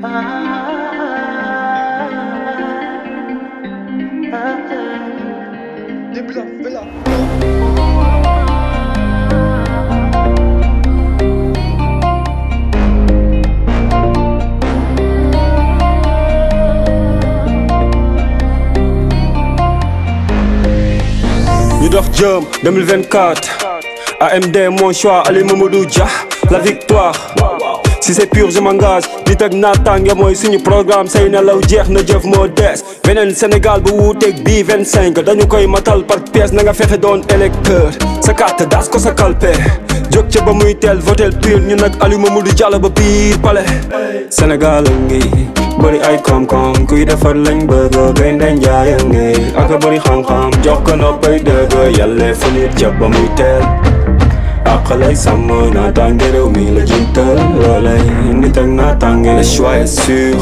Leader Jump 2024 AMD mon choix, allez Momodou Dia La victoire Si c'est pur je m'engage di nit ak naataange mooy suñu programme say nelaw jeex na jëf moo dees beneen Sénégal bu wuuteeg bii 25 dañu koy matal par pièce na fexe doon électeur sa carte daas ko sa kalpe jóg ca ba muy teel votel pur ñu nag Aliou Mamadou Diallo ba biir pale Sénégal ngi bëri ay a ngi ak a bëri xam-xam jox ko noppay dëgg yàlla fu nit ca ba muy आँखलाई सम्म नटाङ्गेर उमिले l'oleil Une éternatang et le choix est sûr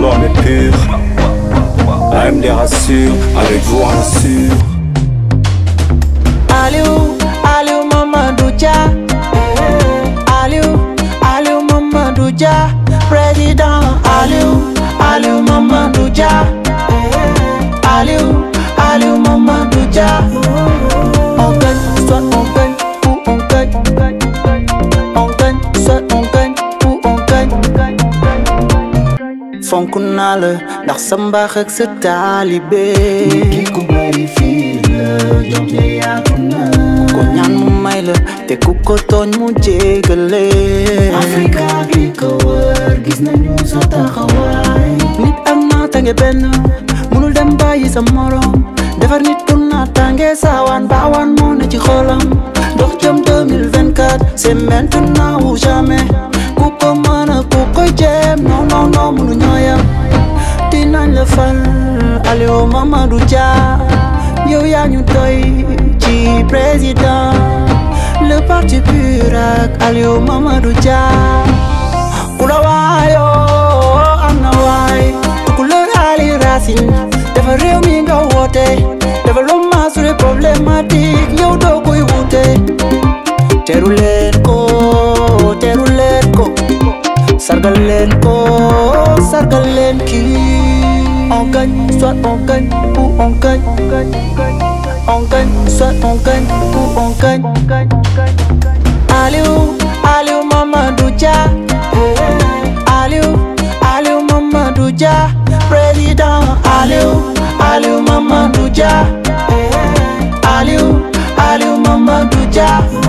L'homme est pur AM les rassure, avec vous on assure Allez où, allez où maman Douja Allez où, allez où maman Douja Président, allez où, allez où maman fonk naa la ndax sa mbaax ak sa taalibe ki ku bari fii la jom te yaatu na ko ñaan mu may la te ku ko tooñ mu jéggale Afrika bi ko wër gis nañu sa taxawaay nit ak naatange benn munul dem bàyyi sa defar nit pour naatange saawaan baawaan moo ne ci xolam dox jëm 2024 c'est maintenant defal Aliou Mamadou Dia yow yaa ñu doy ci président le parti pur ak Aliou Mamadou Dia ku la waayoo am na waay couleur Ali Racine dafa réew mi nga woote développement sur les problématiques yow wute teru leen ko teru leen ko sargal leen ko sargal leen kii on kênh soát on kênh u on kênh on kênh soát on kênh u on kênh aliu aliu mama duja aliu aliu mama duja president aliu aliu mama duja aliu aliu mama duja